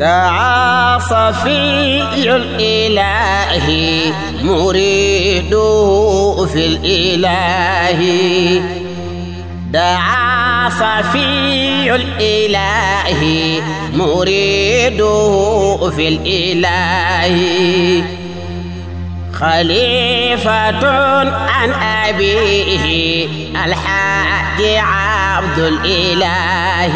دعا صفي الإله مريده في الإله دعا صفي الإله مريده في الإله خليفة عن أبيه الحاج عبد الإله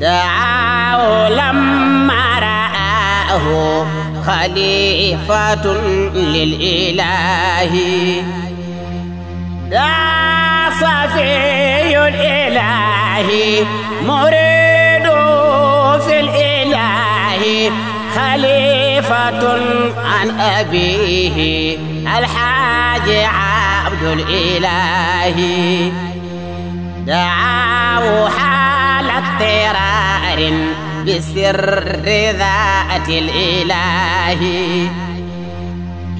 دعا لما رآه خليفة للإله دا صفي الإله مريد في الإله خليفة عن أبيه الحاج عبد الإله دعاه حال اضطرار بسر ذات الإله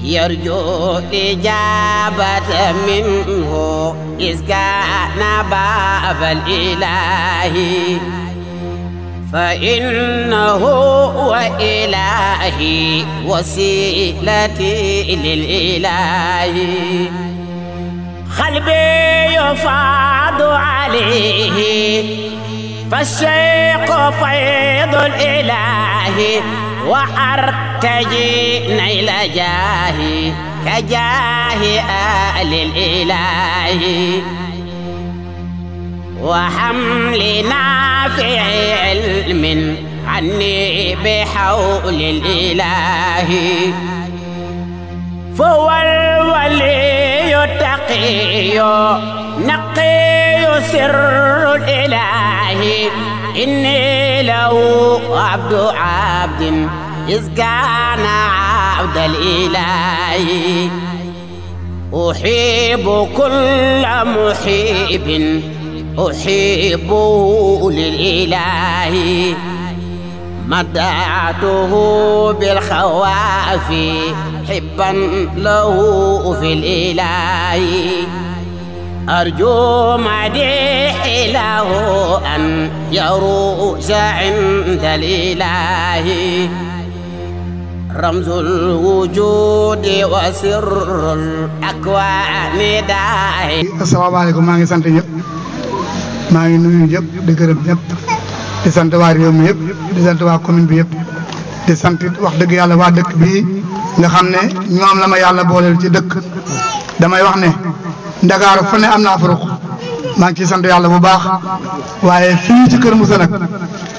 يرجو إجابة منه إذ كان باب الإله فإنه وإلهي وسيلتي للإله قلبي يفاض عليه فالشيخ فيض الإله وأرتجي نيل جاهي كجاه آل الإله وحمل نافع علم عني بحول الإله فهو الولي التقي نقي سر الإله إني لو عبد عبد يزقعنا عبد الإله أحب كل محب أحبه للإله مدعته بالخواف حبا له في الإله أرجو مديح له أن يروز عند الإله رمز الوجود وسر الأكوان داهي السلام عليكم ماغي سانت نيب ماغي نوي نيب دكرب گرم نيب دي سنتي وا ريو دي سنتي وا كومين دي سنتي واخ دëgg yalla wa نخمني نعم لما يالا بولي لتي دك damay wax ne ndakaaru fu am naa faruq maa ngi ciy sant yàlla bu baax waaye fii ci kër Moussa nag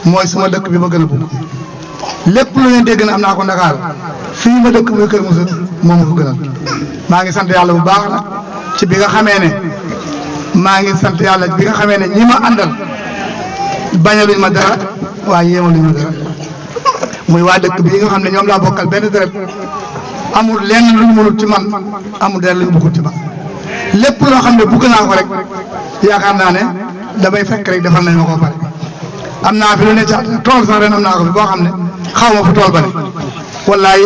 mooy suma dëkk bi ma gën a bëgg lépp lu ngeen dégg na am naa ko ndakaaru fii ma dëkk muy kër Moussa moom ma fa gënal maa ngi sant yàlla bu baax nag ci bi nga xamee ne maa ngi sant yàlla bi nga xamee ne ñi ma àndal bañaluñ ma dara waaye yéemaluñ ma dara muy waa dëkk bi nga xam ne ñoom laa bokkal benn deret amul lenn lu ñu mënul ci amul lenn lu ñu bëggul ci man lépp loo xam ne bëgg naa ko rek yaakaar naa ne damay fekk rek defal nañ ma ko pare am naa fi lu ne ca tool sax ren naa boo xam ne xaw ma fu tool ba ne wallaay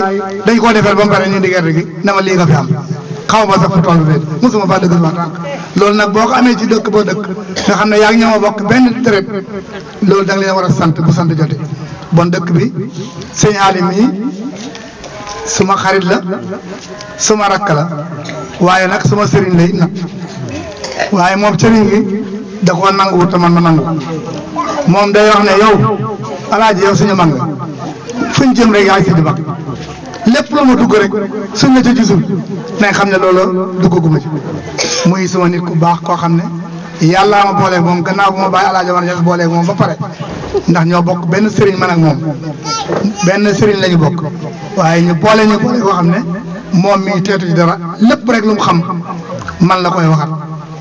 dañ koo defal ba mu pare ñu di gerte gi na ma lii nga fi am xaw ma sax fu tool bi mosuma faa dëgg sama loolu nag boo ko amee ci dëkk boo dëkk nga xam ne yaa ngi ñoo bokk benn traite loolu da nga leen war a sant bu sant jote bon dëkk bi sëñ suma xarit la suma rakk la waaye nag suma sëriñ la it nag waaye moom sëriñ bi da koo nanguwul te man ma nangu moom day wax ne yow alaaji yow suñu mag nga fu ñu jëm rek yaay si di lépp lu ma dugg rek suñ la ca gisul nañ xam ne loolu duggaguma ci muy suma nit ku baax koo xam ne. yàllaa ma booleeg moom gannaaw bu ma bàyyi alaaji Omar Niass booleeg moom ba pare ndax ñoo bokk benn sëriñ man ak moom benn sëriñ la bokk waaye ñu boole ñu boole koo xam ne moom mii teetu ci dara lépp rek lu mu xam man la koy waxat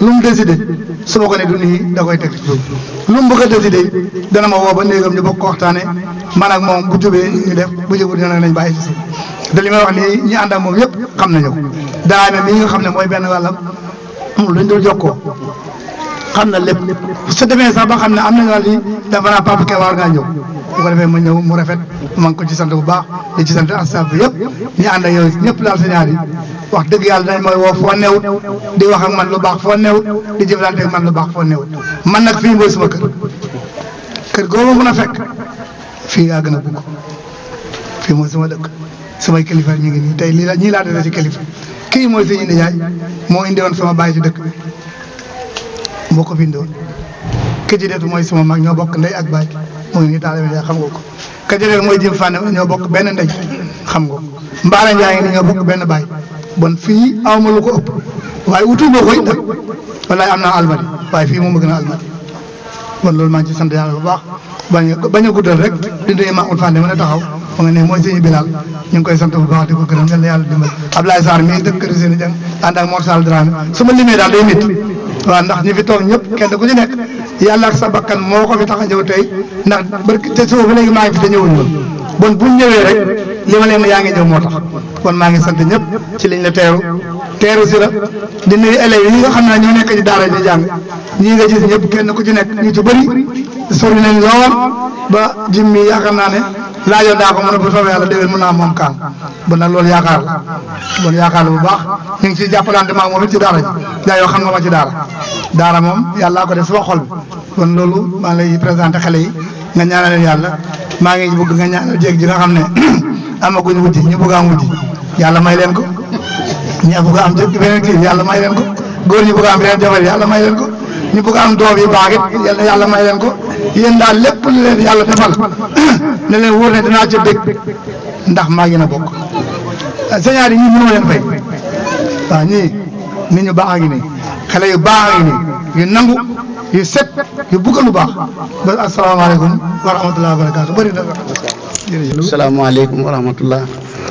lu mu décidé su ma ko ne du nii da koy teg ci suuf lu mu bëgg a dana ma woo ba néegam ñu bokk ko waxtaane man ak moom bu jubee ñu def bu jubut ñu ne nañ bàyyi ci suuf te li may wax nii ñi ànd moom yëpp xam nañu daa daanaka li nga xam ne mooy benn wàllam amul luñ dul jokkoo. xam na lépp su demee sax ba xam ne am na ñoo ni dafa naa Papa Kébé war ngaa ñëw bu ko defee ma ñëw mu rafet maa ngi ko ci sant bu baax di ci sant astaf bi yëpp ñu ànd ak yow ñëpp daal sa ñaar wax dëgg yàlla dañ mooy woo foo newut di wax man lu baax foo newut di jëflante ak man lu baax foo newut man nag fii mooy sama kër kër googu mën a fekk fii yaa gën a bugg fii mooy sama dëkk samay kilifa ñu ngi nii tey lii la ñii laa ci kilifa kii mooy suñu nijaay moo indi woon sama bàyyi ci dëkk bi moo ko bindoon ka ci des mooy sama mag ñoo bokk ndey ak baay mu ngi nii taal bi xam nga ko ka mooy jëm fànn ñoo bokk benn ndey xam nga ko Mbaara Ndiaye ni ñoo bokk benn baay bon fii awma lu ko ëpp waaye wutu boo koy nag wallaay am naa almadi waaye fii moom ma gën a almadi bon loolu maa ngi ci sant yàlla bu baax bañ a bañ a guddal rek di ma Mahmoud Fane mën a taxaw ma nga ne mooy sëñ Bilal ñu ngi koy sant bu baax di ko gërëm yàlla yàlla dimbal Abdoulaye Sarr mii dëkk Kër Sëñ Dieng ak Mor Sall Dramé ma limee daal day métti waaw ndax ñi fi toog ñëpp kenn ku ci nekk yàlla ak sa bakkan moo ko fi tax a ñëw tey ndax barki te suba ba léegi maa ngi fi te ñëwuñu woon bon bu ñëwee rek li ma leen yaa ngi ñëw moo tax kon maa ngi sant ñëpp ci liñ la teeru teeru si la di nuyu élèves yi nga xam ne ñoo nekk ci daara ñu jàng nga gis ñëpp kenn ku ci ñu ci bëri sori ba jimmi yaakaar laajoo naa ko mu ne bu soobee yàlla déwén mën naa moom kaan bon nag loolu yaakaar la loolu yaakaar la bu baax ñu ngi ciy jàppalante maag moom it ci daara ji yaa yoo xam nga ma ci daara moom yàllaa ko def sama xol bi kon loolu maa ngi lay présenté xale yi nga ñaanal yàlla maa ngi bëgg nga ñaanal jéeg ji nga xam ne amaguñ wujji ñu bëgg a am wujji yàlla may leen ko ñi bugg a am beneen kii yàlla may leen ko góor am beneen jabar yàlla may leen ko ñu bëgg am doom yu baax it yal na yàlla may leen ko yéen daal lépp lu leen yàlla defal ne leen wóor ne danaa ca bëgg ndax maa ngi na bokk sëñaar yi ñii mënuma leen fay waaw ñii nit ñu baax a ngi yu baax a ngi nii baax asalaamaaleykum wa rahmatulah wa barakaatu bëri na. jërëjëf asalaamaaleykum wa rahmatulah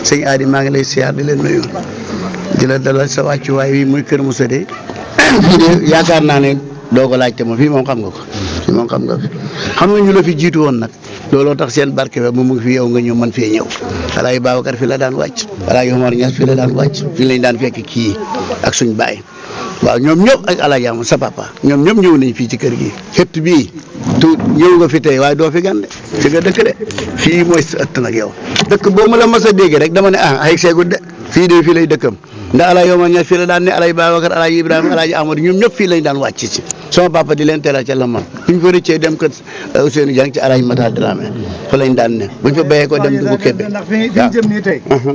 sëñ maa ngi lay siyaar di leen nuyu la dalal sa wàccuwaay wi muy Kër Moussa de yaakaar naa ne. doo ko laajte moom fii moom xam nga ko fii moom xam nga ko xam nga ñu la fi jiitu woon nag looloo tax seen barke ba moom mu ngi fi yow nga ñëw man fee ñëw Alaaji Babacar fi la daan wàcc Alaaji Omar Niass fi la daan wàcc fi lañ daan fekk kii ak suñ baay waaw ñoom ñëpp ak El sa papa ñoom ñëpp ñëw nañ fii ci kër gi xëtt bii tuut ñëw nga fi tey waaye doo fi gan de fi nga dëkk de fii mooy sa ëtt yow dëkk boo ma la mas a dégg rek dama ne ah ay seegul de fii de fii lay dëkk ndax alaay yow ma ña fii la daan ne alaay Babacar alaay Ibrahima alaay Amadou ñoom ñëpp fii lañ daan wàcc ci sama papa di leen teelal ca Lamar bu ñu de rëccee dem kër euh, Ousseynou Dieng ci alaay Matar Dramé fa lañu daan ne bu ko dem dugg Kébé waaw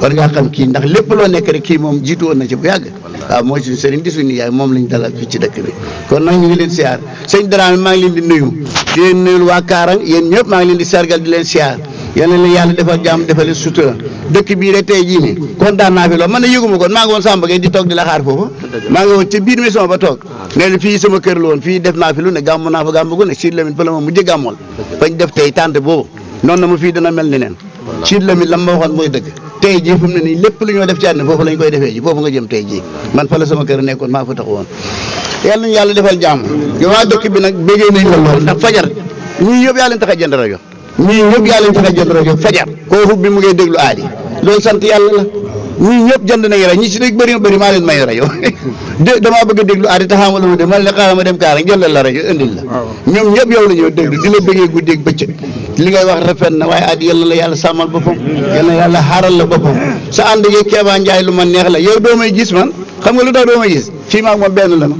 war ngaa xam kii ndax lépp loo nekk rek kii moom jiitu woon na ci bu yàgg waaw mooy suñu sëriñ di moom lañ dalal fii ci dëkk bi kon nag leen siyaar sëñ Dramé maa ngi leen di nuyu di leen nuyul waa Kaarang yéen ñëpp maa ngi leen di sargal di leen siyaar yàlla na yàlla defal jàmm defal sutura dëkk bii rek tey jii nii kontaan naa fi lool man na yëguma kon maa ngi woon Samba Gueye di toog di la xaar ba toog mais fii sama kër la fii def naa fi lu ne gàmm naa fa gàmm gu ne Sidi Lamine fa la ma mujj gàmmool mel ni neen Sidi Lamine la ma waxoon mooy dëgg tey jii fi mu ne nii lépp lu ñoo def ci àdduna foofu lañ koy defee ji foofu nga jëm tey jii man fa la sama kër nekkoon maa fa taxawoon yàlla nañu yàlla defal jàmm yow waa dëkk bi nag bégee nañ la lool ndax fajar ñii yëpp yaa leen tax a jënd a jënd fajar koo xub bi mu ngi déglu aadi loolu sant yàlla la ñii ñëpp jënd nañu rajo ñi si nekk bëri bëri maa leen may rajo de damaa bëgg a déglu aadi taxaama la ma de man la xaaral ma dem kaara jëndal la rajo indil la ñoom ñëpp yow la ñoo déglu di la bëggee guddeeg bëccëg li ngay wax rafet na waaye aadi yàlla la yàlla sàmmal boppam yàlla yàlla xaaral la boppam sa ànd yeeg Keeba Njaay lu ma neex la yow doo may gis man xam nga lu tax doo may gis fii maag moom benn la ma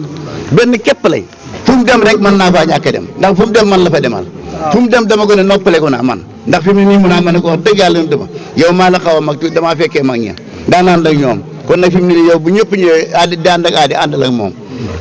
benn képp lay fu dem rek mën naa faa ñàkk dem ndax fu mu man la fa demal fu dem dama ko ne noppale ko naa man ndax fi mu nii mun naa ma ne ko wax dëgg yàlla dama yow maa la xaw a mag tuuti damaa fekkee mag ña daan ànd ak ñoom kon nag fi mu ne nii yow bu ñëpp ñëwee aadi di ànd aadi àndal ak moom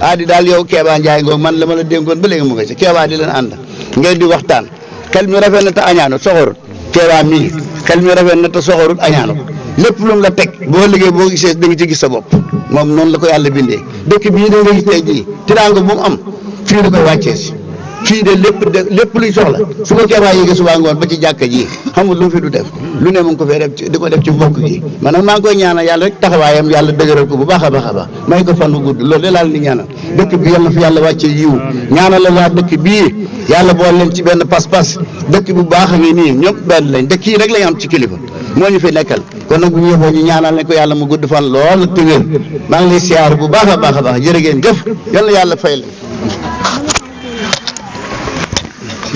aadi daal yow Kéba Ndiaye ngoog man la ma la dénkoon ba léegi mu ngi ci Kéba di leen ànd nga di waxtaan xel mi na te añaanut soxorut Kéba mii xel mi rafet na te soxorut añaanut lépp lu la teg boo liggéey boo gisee da nga ci gis sa bopp moom noonu la ko yàlla bindee dëkk bii da nga gis tey jii tiraanga bu am fii la koy wàccee fii de lépp de lépp luy soxla su ma keebaa yéegi subaa ngoon ba ci jàkka ji xamul lu mu fi du def lu ne mu ko fee def di ko def ci mbokk gi maanaam maa ngi koy ñaanal yàlla rek taxawaayam yàlla dëgëral ko bu baax a baax a baax may ko fan bu gudd loolu de laal ni ñaanal dëkk bi yàlla fi yàlla wàcce yiw ñaanal la waa dëkk bii yàlla boole leen ci benn pas-pas bu baax a ngi nii ñoom benn lañ dëkk yi rek lañ am ci kilifa moo ñu fi nekkal kon nag bu ñu yëfoo ñu ñaanal ne ko yàlla mu gudd fan lool te maa ngi lay siyaar bu baax a baax a baax jërë ngeen jëf yàlla yàlla fay la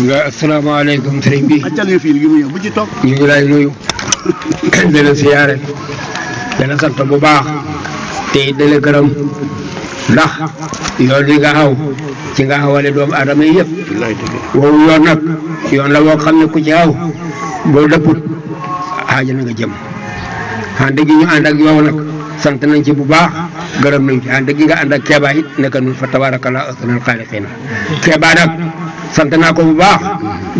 waaw asalaamaaleykum sëriñ bi. ñu ngi lay nuyu. dana siyaare. dana sant bu baax. te dana gërëm. ndax yoon li nga xaw ci nga doomu aadama yi yëpp. woowu yoon nag yoon la woo xam ne ku ci xaw boo dëpput xaaja na nga jëm. xande gi ñu ànd ak yow nag. sant nañ ci bu baax gërëm nañ ci ànd gi nga ànd ak Keba it nekk nañ fa tabaarakallaa ahsanal nag sant ko bu baax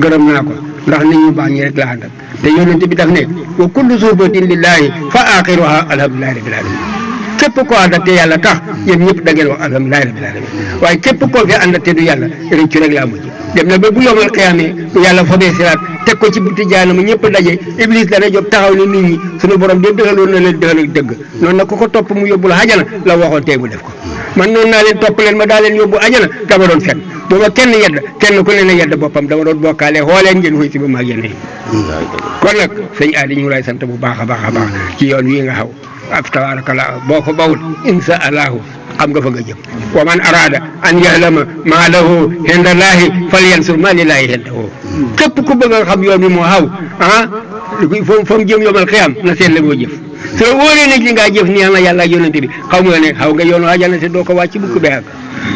gërëm naa ko ndax nit ñu baax ñi rek la ànd ak te yonent bi daf ne wa kullu suhbatin lillahi fa axiruha alhamdulillahi la alamin képp koo ànd ak tax yéen ñëpp da ngeen wax alhamdulillahi rabbil alamin waaye képp koo fi ànd ak te du yàlla rëccu rek la mujj dem na ba bu yomal xiyaamee bu yàlla fobee siraat teg ko ci buti jaanama ñëpp daje iblis dana jóg taxaw ne nit ñi suñu borom de dëxaloon na leen dëxal dëgg noon na ku ko topp mu yóbbu la ajana la waxoon tey mu def ko man noonu naa leen topp leen ma daa leen yóbbu ajana dama doon fen booba kenn yedd kenn ku ne na yedd boppam dama doon bokkaale xooleen ngeen xuy si ba maag yéen kon nag sëñ aadi ñu ngi lay sant bu baax a baax a baax ci yoon wi nga xaw ab tabaarakallah boo ko bawul insha allahu xam nga fa nga jëm wa man arada an yahlama maa lahu hinda laahi falyansur maa lillaahi hindahu képp ku bëgg nga xam yoon bi moo xaw ah fo fa mu jëm yomal xiyam na seet la boo jëf soo wóoree ne li ngaa jëf nii ama yàlla yonente bi xaw nga ne xaw nga yoonu àjjana te doo ko wàcc bukk bee ak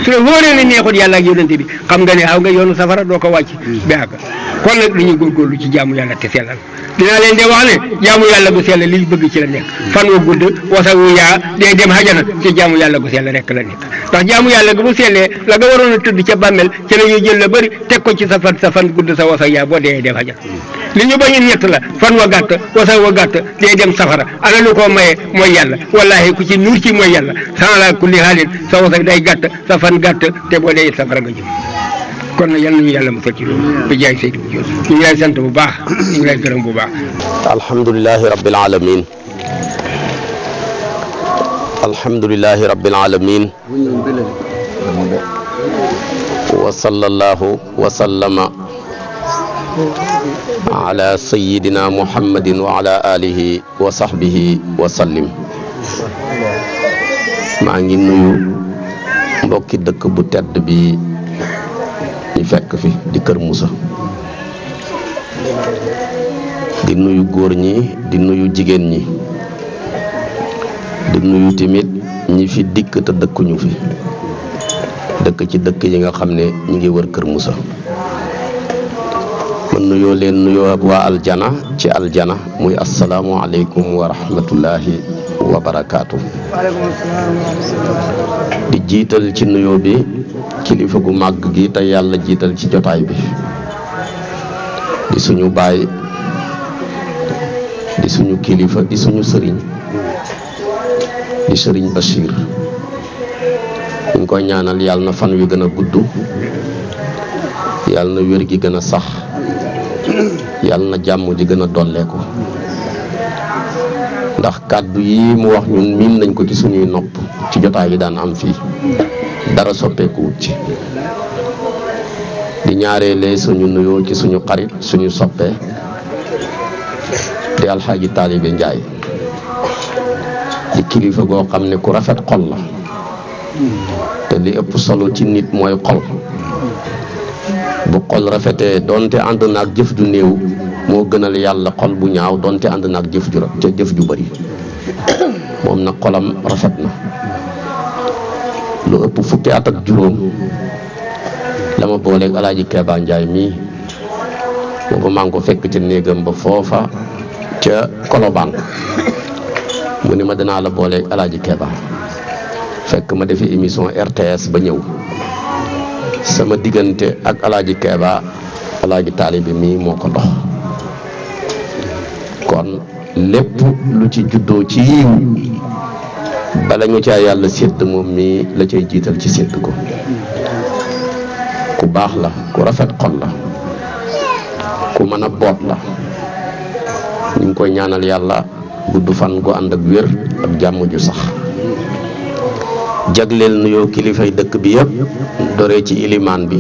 su ne wóoree ne neexut yàlla ak yonente bi xam nga ne aw nga yoonu safara doo ko wàcc ba àgg kon nag lu ñuy góorgóorlu ci jaamu yàlla te sellal dinaa leen de wax ne jaamu yàlla gu sell liñ bëgg ci la nekk fan wa gudd wasa wu yaa day dem xajana ci jaamu yàlla gu sell rekk la nekk ndax jaamu yàlla gu bu sellee la nga waroon a tudd ca bàmmel ci la ñuy jël la bëri teg ko ci sa fan sa fan gudd sa wasa yaa boo dee dem xajana li ñu bañu ñett la fan wa gàtt wasa wa gàtt day dem safara ana lu koo maye mooy yàlla wallahi ku ci nuur ci mooy yàlla sanala kulli haalin sa wasa day gàtt safan gàtt te bo day safara nga jëm kon na yalla ñu yàlla mu fa ci loolu bi jaay Seydou Diop ñu lay sant bu baax ñu lay gërëm bu baax. alhamdullilah rabbil alamin alhamdullilah rabbil alamin wa sallallahu wa sallama على سيدنا محمد وعلى آله وصحبه وسلم sahbihi wa mbokki dëkk bu tedd bi ñu fekk fi di Kër Moussa di nuyu góor ñi di nuyu jigéen ñi di nuyu tamit ñi fi dikk te dëkkuñu fi dëkk ci dëkk yi nga xam ne ñu ngi war Kër muusa nuyoo leen nuyoo ak waa aljana ci aljana muy asalaamualeykum wa rahmatullahi wa di jiital ci nuyoo bi kilifa gu màgg gi te yàlla jiital ci jotaay bi di suñu baay di suñu kilifa di suñu sëriñ di sëriñ Bachir ñu ngi koy ñaanal yàlla na fan wi gën a gudd yàlla na wér gi gën a sax. yalla na jàmm ji gëna dolle ko ndax kaddu yi mu wax ñun min nañ ko ci suñuy nopp ci jotaay yi daan am fi dara ko ci di ñaareele suñu nuyo ci suñu xarit suñu soppé di alhaji taalibe njaay di kilifa go xam ne ku rafet xol la te li ëpp solo ci nit moy xol bu xol rafetee donté and nak jëf du néw mo gënal yalla xol bu ñaaw donté and nak jëf ju jëf ju bari mom nak xolam rafetna lu ëpp fukki at ak boleh la ma booleeg alaaji Keeba Njaay mi booba ko mang ko fekk ci néegam ba ci kolo bank mu ni ma dana la ak alaaji fekk ma defi émission RTS ba ñëw sama diggante ak alaaji Keeba alaaji taalibi mii moo ko dox kon lépp lu ci juddoo ci yiw bala ñu caa yàlla sédd moom mii la cay jiital ci sédd ko ku baax la ku rafet xol la ku mën a boot la ñu ngi koy ñaanal yàlla gudd fan gu ànd ak wér ak jàmm ju sax jagleel kilifa yi dekk bi yeb doree ci iliman bi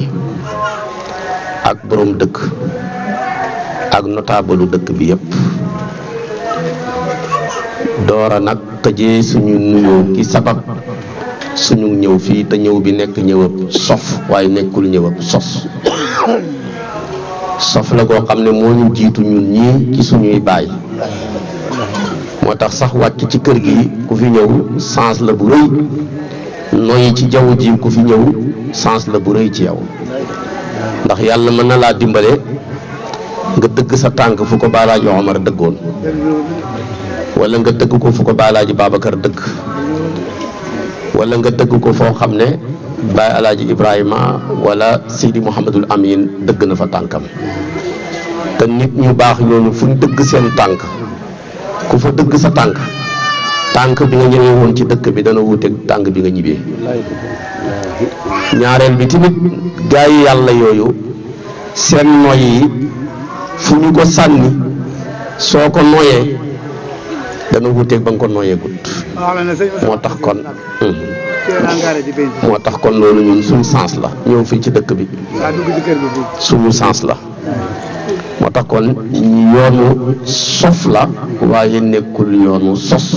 ak borom dekk ak notaabalu dekk bi yeb dora nak tëjee suñu nuyo ki sabab suñu ñew fi te ñew bi nekk ñëwab sof way nekul ñëwab sos sof la koo xamne mo ñu jitu ñun ñi ci suñuy bay motax sax wacc ci kër gi ku fi ñew sens la bu reuy noyyi ci jaww ji ku fi ñëw sens la bu rëy ci yow ndax yàlla mën na laa dimbale nga dëgg sa tànk fu ko baalaaji Omar dëggoon wala nga dëgg ko fu ko baalaaji Babacar dëgg wala nga dëgg ko foo xam ne Baay Alaaji Ibrahima wala Sidi Mouhamadul Amin dëgg na fa tànkam te nit ñu baax ñooñu fu ñu dëgg seen tànk ku fa dëgg sa tànk tànk bi nga ñëwee woon ci dëkk bi dana wuuteeg tànk bi nga ñibbee ñaareel bi tamit gaa yi yàlla yooyu seen noy yi fu ñu ko sànni soo ko noyee dana wuuteeg ba nga ko noyee gut moo tax kon moo tax kon loolu ñun suñu sens la ñëw fii ci dëkk bi suñu sens la moo tax kon yoonu sof la waaye nekkul yoonu sos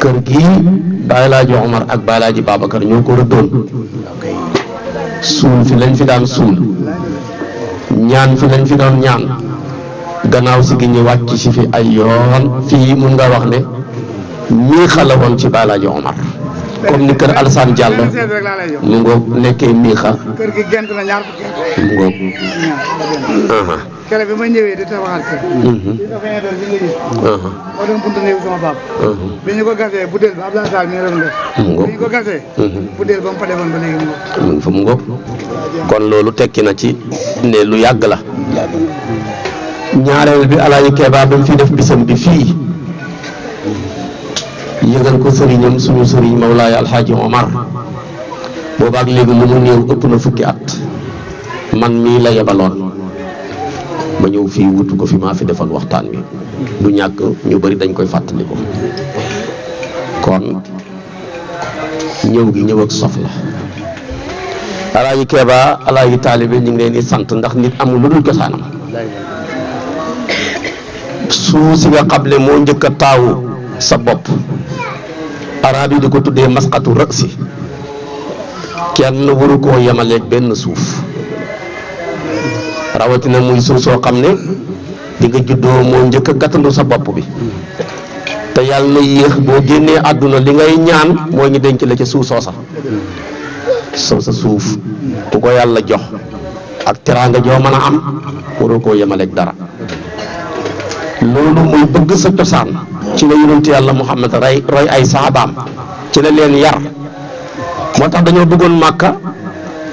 kër gi Baay Laaji Omar ak Baay Laaji kër ñoo ko rëddoon suul fi lañ fi daan suul ñaan fi lañ fi daan ñaan gannaaw si gi ñu wàcc si fi ay yoon fii mun nga wax ne ñii xalawoon ci Baay Laaji Omar comme ni kër Alassane Diallo mu ngoog nekkee miixa. kër gi gent uh-huh. uh-huh. uh-huh. mu ngoog. bi ma ñëwee kon loolu tekki na ci. ne lu yàgg la. ñaareel bi Alaaji Keba ba mu fi def bisam bi fii. yëgal ko sëriñam suñu sëriñ Mawlaay Alxaaji Omar boobaak léegi lu mu ëpp na fukki at man mii la yebaloon ma ñëw fii wutu ko fi maa fi defal waxtaan wi lu ñàkk ñu bari dañ koy fàttaliku kon ñëw gi ñëw ak sof la alaaji keeba alaaji taalibe ñu ngi leen di sant ndax nit amul lu dul cosaanam suuf nga xam ne moo njëkk a taawu sa bop arab yi di ko tuddee masqatu rasi kenn ko koo ben souf rawati na muy suuf so xamné di nga juddoo mo ñëk gatandu sa bop bi té yalla na yéex bo génné aduna li ngay ñaan ñu denc la ca sa souf ku ko yalla jox ak teranga joo mëna am waroo ko yemaleeg dara lolu muy bëgg sa tosan ci la yonent yàlla Muhammad ray roy ay saabaam ci la leen yar moo tax dañoo bëggoon màkka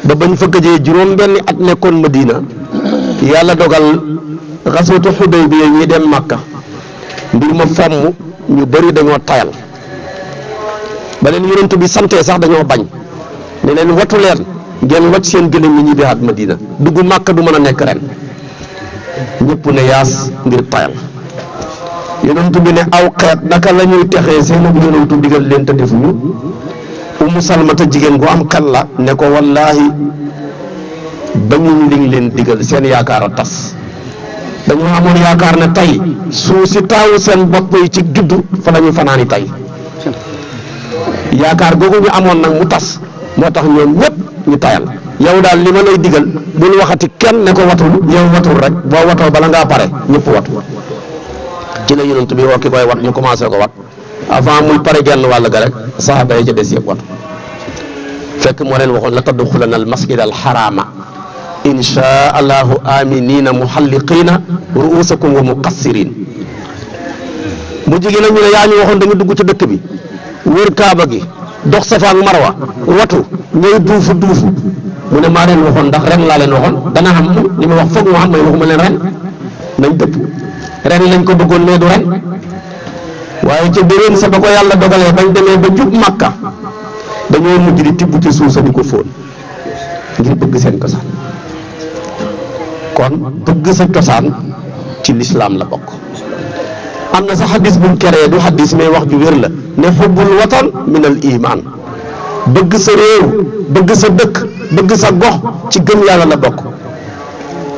ba bañ fa gëjee juróom benni at nekkoon Madina yàlla dogal xaswatu Xudaybiya ñuy dem màkka mbir fomm ñu bari dañoo tayal ba leen yonent bi santee sax dañoo bañ ne leen watu leen ngeen wacc seen gëlëm ñi ñibbi at Madina dugg màkka du mën a nekk ren ñëpp ne yaas ngir tayal yonent bi ne aw xeet naka la ñuy texee seenu yonentu digal leen te defuñu umu salmata jigéen gu am xel la ne ko wallaahi ñu liñ leen digal seen yaakaar a tas dañoo amoon yaakaar ne tey suu si taawu seen bopp yi ci judd fa la ñu fanaani tey yaakaar googu ñu amoon nag mu tas moo tax ñoom ñëpp ñu tayal yow daal li ma lay digal bul waxati kenn ne ko watul yow watul rek boo watoo bala ngaa pare ñëpp watu ci la yonent bi woo ki koy wat ñu commencé ko wat avant muy pare genn wàll ga rek saxaaba yi ca des yëpp wat fekk moo leen waxoon la tadxulanna al masjid al xaraama insha allahu aminina muxalliqina ruusakum wa muqassirin bu jigéen nag ñu ne yaa ñu waxoon dañu dugg ci dëkk bi wër kaaba gi dox safa ak marwa watu ñooy duufu duufu mu ne maa leen waxoon ndax ren laa leen waxoon dana xam li ma wax foog mu xam may waxuma leen ren nañ dëpp ren lañ ko bëggoon mais du ren waaye ca déwén sa ba ko yàlla dogalee bañ demee ba jub màkka dañoo mujj di tibb ci suuf sa di ko fóon ngir bëgg seen cosaan kon bëgg sa cosaan ci lislaam la bokk am na sax xadis buñ keree du xadis mais wax ju wér la ne xubbul watan min al iman bëgg sa réew bëgg sa dëkk bëgg sa gox ci gën yàlla la bokk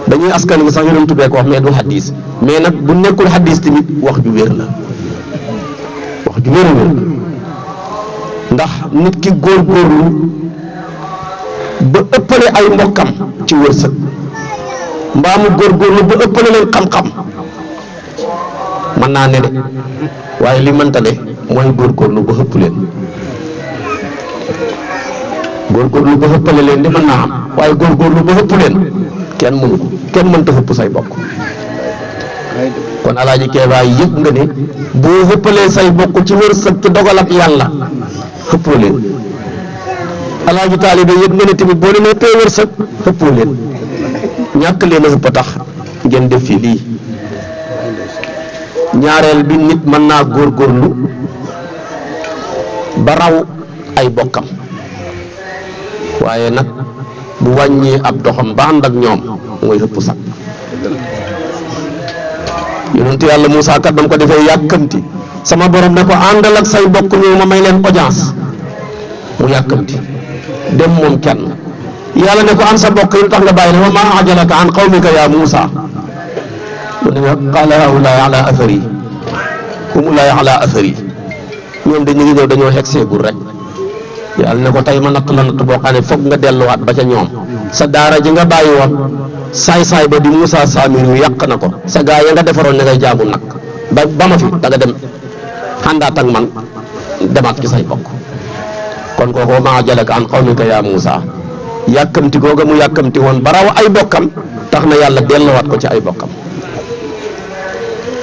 dañuy askan wi sax ñu doon tuddee ko wax mais du xaddiis mais nag bu nekkul xaddiis tamit wax ju wér la wax ju wér wér ndax nit ki góorgóorlu ba ëppale ay mbokkam ci wërsëg mbaa mu góorgóorlu ba ëppale leen xam-xam mën naa ne de waaye li mënta ne mooy góorgóorlu ba ëpp leen góorgóorlu ba xëppale leen di mën naa am waaye góorgóorlu ba xëpp leen kenn mënu ko kenn mënta xëpp say bokk kon alaaji keebaay yëpp nga ne boo xëppalee say bokk ci wërsëg ci dogal ak yàlla xëppoo leen alaaji taalibe yëpp nga ne tamit boo leen xëppee wërsëg xëppoo leen ñàkk leen a xëpp a tax ngeen def fii lii ñaareel bi nit mën naa góorgóorlu ba raw ay bokkam waye nak bu wàññee ab doxam ba ànd ak ñoom mooy ëpp sax yonentu yàlla Moussa kat dam ko defé yakamti sama borom nako andal ak say bokk ñu ma may len audience mu yakamti dem mom kenn yalla nako ko an sa bokk yi tax nga bàyyi ma ajalaka an qawmika ya musa mu ne qala la ala athari kum la ala athari ñoom dañu ñëw dañu dañoo gu rek yàlla ne ko tey ma natt la natt boo xam ne foog nga delluwaat ba ca ñoom sa daara ji nga bàyyi woon saay-saay ba di Moussa Samir yàq na ko sa gaa ya nga defaroon ne ngay jaamu nag ba ba ma fi da nga dem àndaat ak man demaat ci say bokk kon kooku maa jalaka an qawmika yaa Moussa yàkkamti googa mu yàkkamti woon ba raw ay bokkam tax na yàlla delluwaat ko ci ay bokkam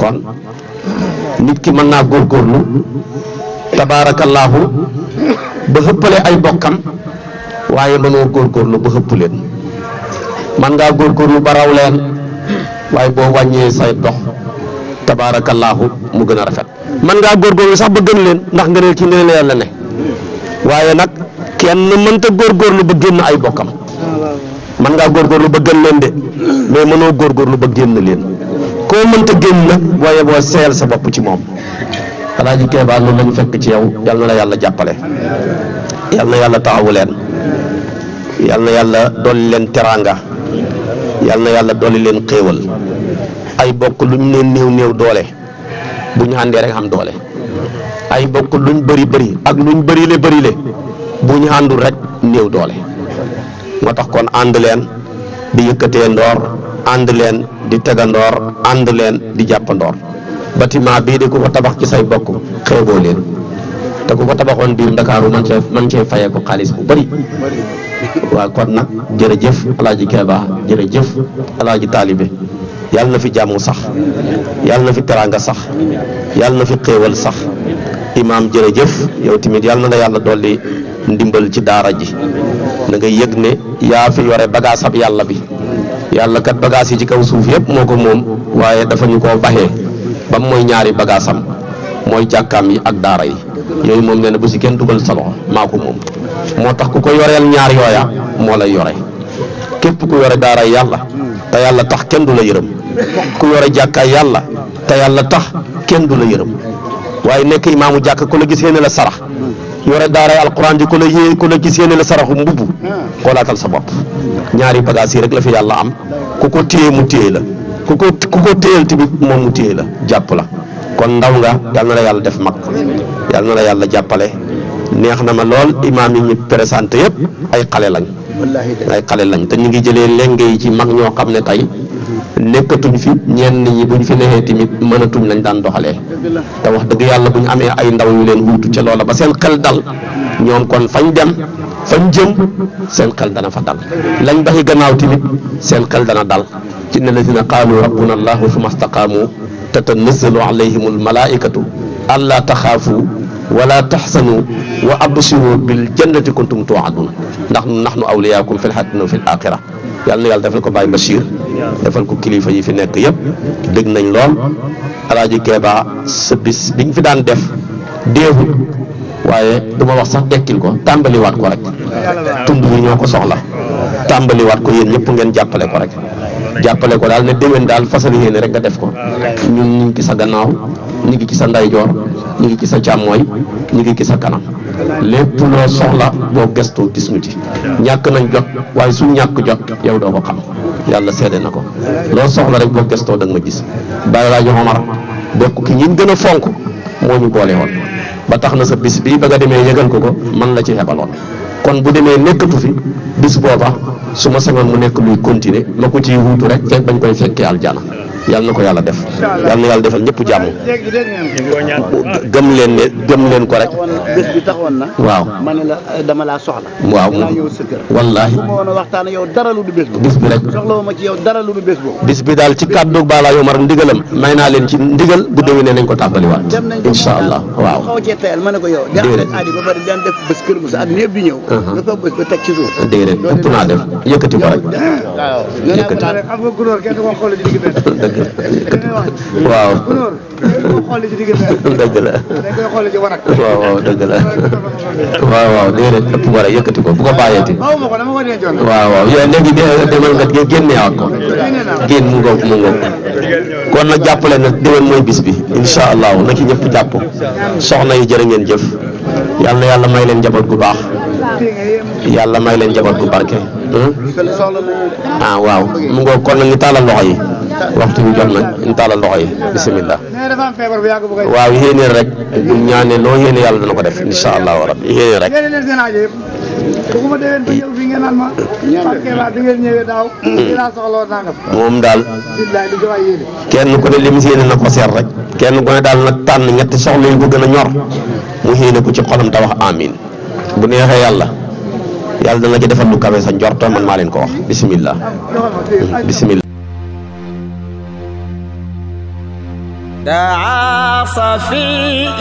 kon nit ki mën naa góorgóorlu tabaarakallaahu ba xëppale ay bokkam waaye mënoo góorgóorlu ba xëpp leen man ngaa góor góorgóorlu ba raw leen waaye boo wàññee say dox tabaarakallaahu mu gën a rafet man ngaa góorgóorlu sax ba gën leen ndax nga ne ci ne leen la ne waaye nag kenn mënta góorgóorlu ba génn ay bokkam man ngaa góor góorgóorlu ba gën leen de mais mënoo góorgóorlu ba génn leen koo mënta génn na waaye boo seel sa bopp ci moom alaaji keebaa loolu lañ fekk ci yow yal na la yàlla jàppale yal yàlla taxawu leen yal na yàlla dolli leen teraanga yal na yàlla dolli leen xéewal ay bokk luñ leen néew néew doole bu ñu àndee rek am doole ay bokk luñ bari bari ak lu luñ bari bërile bu ñu àndul rek néew doole moo tax kon ànd leen di yëkkatee ndoor ànd leen di tegandoor ànd leen di jàppandoor bâtiment bii de ku ko tabax ci say bokk xeeboo leen te ku ko tabaxoon biir Ndakaaru man cee man cee fayee ko xaalis bu bëri waaw kon nag jërëjëf alaaji Keba jërëjëf alaaji Taalibe yàlla na fi jàmm sax yàlla na fi teraanga sax yàlla na fi xéewal sax imaam jërëjëf yow tamit yàlla na la yàlla dolli ndimbal ci daara ji na nga yëg ne yaa fi yore bagaas yàlla bi yàlla kat bagaas yi ci kaw suuf yëpp moo ko moom waaye dafa ñu ko baxee ba mooy ñaari bagaasam mooy jàkkaam yi ak daara yi yooyu moom nee na bu si kenn dugal sa loxo maa ko moom moo tax ku ko yoreel ñaar yooya moo lay yore képp ku yore daara yàlla te yàlla tax kenn du la yërëm ku yore jàkkaay yàlla te yàlla tax kenn du la yërëm waaye nekk imaamu jàkk ku la gis yéene sarax yore daaray alquran ji ku la yée ku la gis yéene la saraxu mbubb laatal sa bopp ñaari bagaas yi rek la fi yàlla am ku ko téye mu téye la ku ko ku ko téyal tamit moom mu téye la jàpp la kon ndaw nga yal na la yàlla def mag yal na la yàlla jàppale neex na ma lool imaam yi ñu présenté yëpp ay xale lañ ay xale lañ te ñu ngi jëlee lenge yi ci mag ñoo xam ne tey nekkatuñ fi ñenn ñi buñ fi nexee tamit mënatuñ lañ daan doxalee te wax dëgg yàlla bu ñu amee ay ndaw yu leen wuutu ca loola ba seen xel dal ñoom kon fañ dem fañ jëm seen xel dana fa dal lañ baxi gannaaw tamit seen xel dana dal inna allazina qaalu rabbuna allahu summa staqaamu tatanazzalu alayhim almalaikatu allaa taxaafu wala taxsanu wa absiru bil jannati kuntum tuaduna ndax nahnu awliyaakum fil hayaati dunya wa fil aaxira yàlla na yàlla defal ko Baye Bachir defal ko kilifa yi fi nekk yëpp dégg nañ lool alaaji Keeba sa bis bi ñu fi daan def déewul waaye duma wax sax dekkil ko tàmbaliwaat ko rek tund wi ñoo ko soxla tàmbaliwaat ko yéen ñëpp ngeen jàppale ko rek jàppale ko daal ne déwén daal fasal yéene rek nga def ko ñun ñu ngi ci sa gannaaw ñu ngi ci sa ndeyjoor ñu ngi ci sa càmmooy ñu ngi ci sa kanam lépp loo soxla boo gëstoo gis ñu ci ñàkk nañ jot waaye su ñàkk jot yow doo ko xam yàlla seede na ko loo soxla rek boo gëstoo da ma gis Baye Laaji Omar bokk ki ñin gën fonk moo ñu boole woon ba tax na sa bis bii ba nga demee yëgal ko ko man la ci xebaloon kon bu demee nekkatu fi bis booba su ma sañoon mu nekk luy continuer ma ko ciy wuutu rek fekk bañ koy fekkee aljana yàlla na ko yàlla def yàlla na yàlla defal ñëpp jàmm gëm leen ne gëm leen ko rek. bés bi na. waaw ma ne la eh, dama laa soxla. waaw dinaa ñëw sa kër. wallaahi ma woon a waxtaan yow dara lu du bi rek soxla ma ci yow dara lu du bés bi daal ci kàddu Balla Yomar ndigalam. may naa leen ci ndigal bu déwénee nañ ko tàmbaliwaat. incha allah waaw xaw cee tayal ma ne ko yow. déedéet daan ba pare daan def bés kër Moussa ak ñëpp di ñëw. nga fa ci suuf. déedéet ëpp naa def yëkkati ko rek. waaw. dëgg la. waaw waaw dëgg la. déedéet ëpp war a yëkkati ko bu ko bàyyeeti. waaw waaw yow léegi demal nga génneewaat ko. génn mu ngoog mu ngoog kon nag jàppale na déwén mooy bis bi incha allahu na ñëpp jàpp soxna yi jërë ngeen jëf yal yàlla may leen njaboot gu baax. yalla may leen jabar bu barke hmm? ah waw mu ngoog kon nag ñu taalal loxo yi waxtu bi jot na ñu taalal loxo yi waw yene rek bu ñane lo yene yalla dana ko def incha allahu rabbi rek hmm. moom daal kenn ku ne li mu masih na ko ser rek kenn ku ne dal nag tan ñetti soxlo yu ko gën ñor mu ko ci xolam ta wax amin bu neexé yalla yalla dana ci defal lu kawé sa njortam man ma ko wax bismillah bismillah da'a safi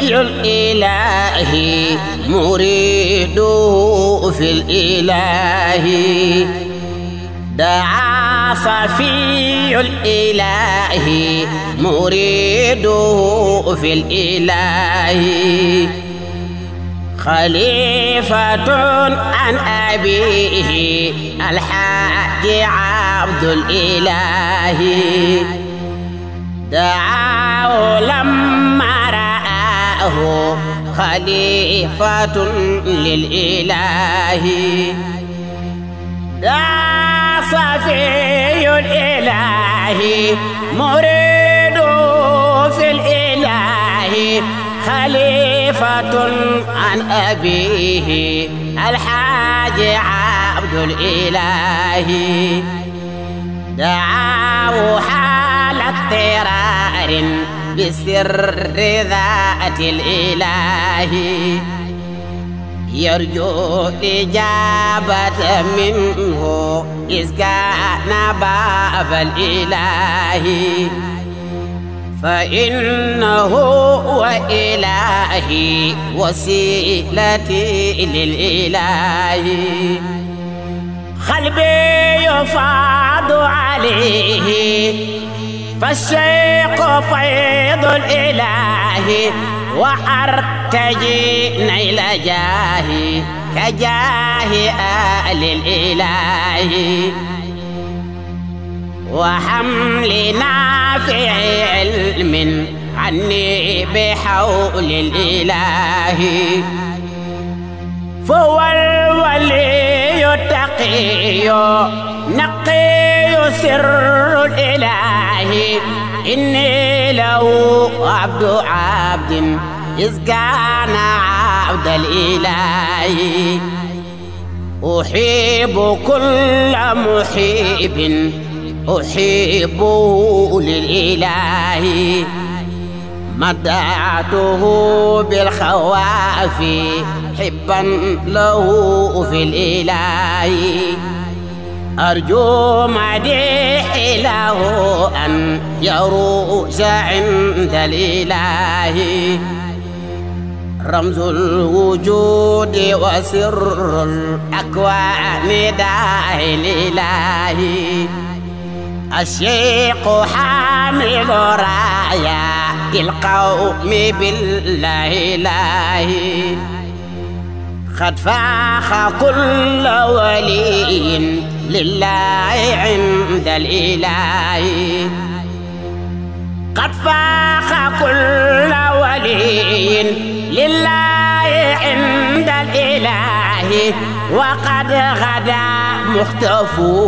ilahi muridu fil ilahi da'a safi ilahi muridu fil ilahi خليفة عن أبيه الحاج عبد الإله دعاه لما رآه خليفة للإله دا صفي الإله مريد صفة عن أبيه الحاج عبد الإله دعاه حال اضطرار بسر ذات الإله يرجو إجابة منه إذ كان باب الإله فإنه وإلهي وسيلتي للإله قلبي يفاض عليه فالشيخ فيض الإله وأرتجي نيل جاهي كجاه آل الإله وحملنا في علم عني بحول الإله فهو الولي التقي نقي سر الإله إني لو عبد عبد إذ كان عبد الإله أحب كل محب أحبه للإله مدعته بالخواف حبا له في الإله أرجو مديح له أن يروس عند الإله رمز الوجود وسر الأكوان داعي الإلهي الشيخ حامل رايا القوم بالله إلهي قد فاخ كل ولي لله عند الإله قد فاخ كل ولي لله عند الإله وقد غدا مختفو